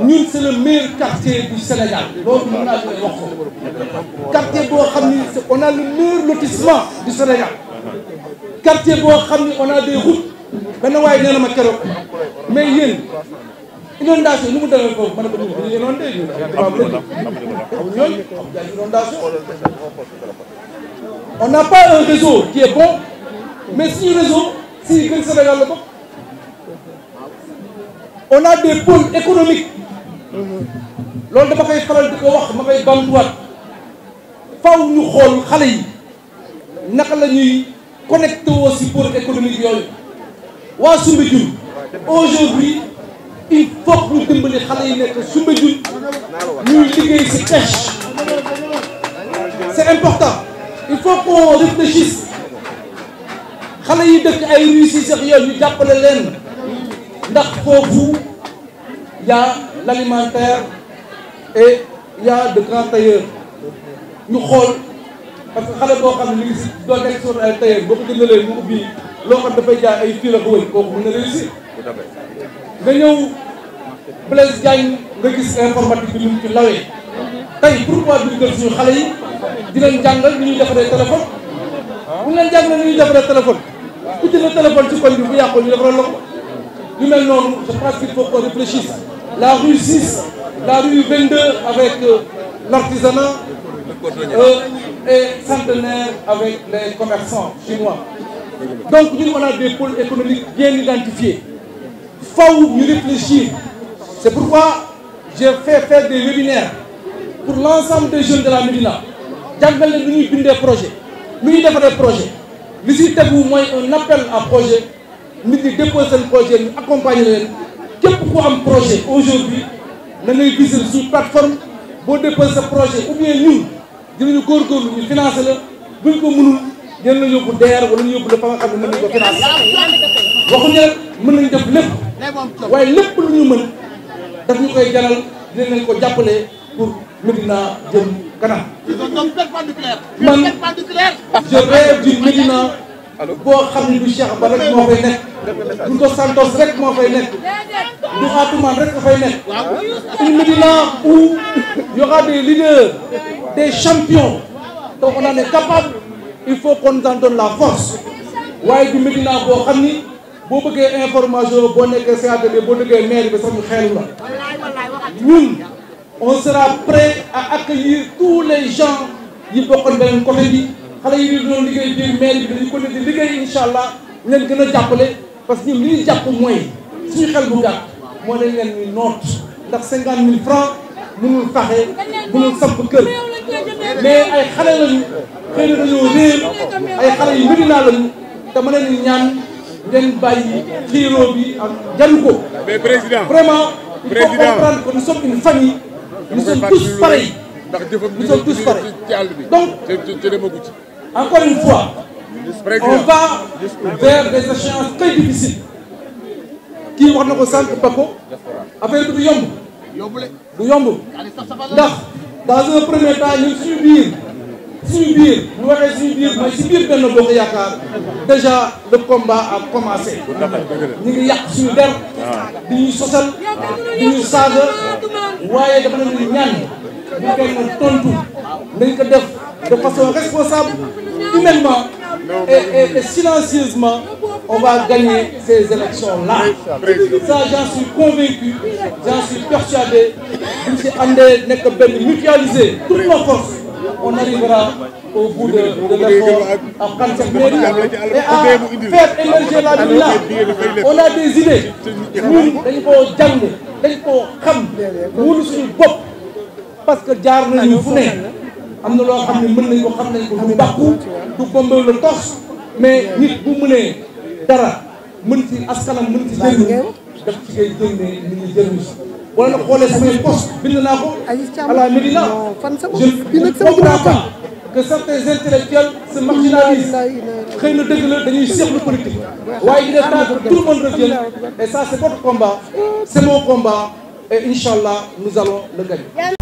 ñun c'est le meilleur quartier du Sénégal loolu mën naa leen wax ko quartier boo xam ni on a le meilleur lotissement du Sénégal quartier boo xam ni on a des routes benn waaye nee ma keroog mais yéen inondation nu mu demee foofu ma ne ko ñun dañuy inondé ñun on n'a pas un réseau qui est bon mais suñu réseau si gën Sénégal la bokk on a des pôles économiques loolu dama koy faral di ko wax ma koy bamtuwaat faw ñu xool xale yi naka la ñuy connecté woo si pour économique yooyu waa Soumbédioune aujourd'hui il faut ñu dimbali xale yi nekk Soumbédioune ñuy liggéey si pêche c'est important il faut qu'on réfléchisse xale yi dëkk ay rues si sax yooyu ñu jàppale leen ndax foofu yaa l'alimentaire et il de grands tailleurs ñu xool parce que xale boo xam ne li ngi si doon nekk sur boo ko jëndalee mu ubbi loo xam dafay jaay ay fii la ko wër kooku mën na réussir nga ñëw Blaise Diagne nga gis informatique bi lu mu ci lawee tey pourquoi duñ jël suñu xale yi di leen jàngal ni ñuy defaree téléphone bu ñu leen jàngalee ni ñuy defaree téléphone ku jënd téléphone ci koñ bi bu yàqoo ñu defaral la ko ñu mel noonu je pense qu'il faut qu'on la rue 6, la rue 22 avec euh, l'artisanat euh, et centenaire avec les commerçants chinois. Donc nous, on a des pôles économiques bien identifiés. Faut nous réfléchir. C'est pourquoi j'ai fait faire des webinaires pour l'ensemble des jeunes de la Médina. jàngal leen lu ñuy bindee projet lu ñuy defaree projet li si tegu mooy un appel à projet nit ñi déposer seen projet ñu accompagner képp ku am projet aujourd'hui na ngay gisal suñu plateforme boo déposé sa projet ou bien ñun dinañu góorgóorlu ñu financé la buñ ko mënul dinañ la yóbbu DER wala ñu yóbbu la fa nga xam ne mën nañ ko financé waxuñu rek mën nañ def lépp waaye lépp lu ñu mën daf ñu koy jaral dinañ leen ko jàppale pour Médina jëm kanam. man je rêve Médina. boo xam ni du Cheikh Ba rek moo fay nekk du Dos Santos rek moo fay nekk du Atoumane rek dafay nekk. une Médina où il y aura des leaders des champions on en capable il faut qu'on en la force waaye du Médina boo xam ni boo bëggee information boo nekkee CATB boo déggee maire bi sax xeelu la ñun on sera prêt à accueillir tous les gens yi bokkoon beneen côté xale yi di doon liggéey biir mairie bi dañu ko ne liggéey incha allah leen gën a le parce que ñun li ñu jàpp mooy suñu xel bu gàtt moo leen leen ñu noot ndax cinquante mille francs mënul faxe mënul samp kër mais ay xale lañu xëy na dañoo réer ay xale yu Médina lañu te ma leen ñaan ngeen bàyyi xiiroo bi ak jaru ko mais président vraiment il faut comprendre que nous sommes une famille nous sommes tous pareils nous sommes donc Encore une fois, on va vers des échéances très difficiles. kii wax na ko sànq Paco affaire bi du yomb du yomb ndax dans un premier temps ñun suñu biir suñu biir ñu waxee suñu biir mooy si biir benn bokk yaakaar déjà le combat a commencé ñu ngi yàq suñu der di ñuy sosal di ñuy waaye dafa nañu ñaan ñu kenn tontu nañ ko def de façon responsable humainement et, et, et silencieusement, on va gagner ces élections-là. Ça, j'en suis convaincu, j'en suis persuadé. Monsieur Andé n'est que mutualiser toutes nos forces. On arrivera au bout de, l'effort à prendre cette mairie et à faire émerger la ville On a des idées. Nous, dañ koo jàng dañ koo xam. wóolu suñu bopp parce que jaar nañu fu ne. am na loo xam ne mën nañ ko xam nañ ko du bàkku du comba le tos mais nit bu mënee dara mën ci askanam mën ci jëriñu daf ci ngay jëriñ ne nit ñi jëriñu si wala na xoolee samay poste bind naa ko à la Médina je comprends pas que certains intellectuels se marginalisent xëy na dëgg la dañuy seexlu politique waaye il est temps que tout monde revienne et ça c'est votre combat c'est mon combat et incha allah nous allons le gagner